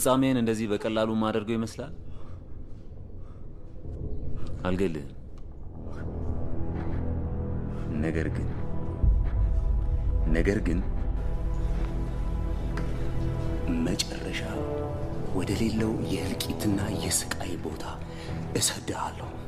ፍጻሜን እንደዚህ በቀላሉ ማደርገው ይመስላል? አልገልህም። ነገር ግን ነገር ግን መጨረሻ ወደ ሌለው የእልቂትና የስቃይ ቦታ እሰድሃለሁ።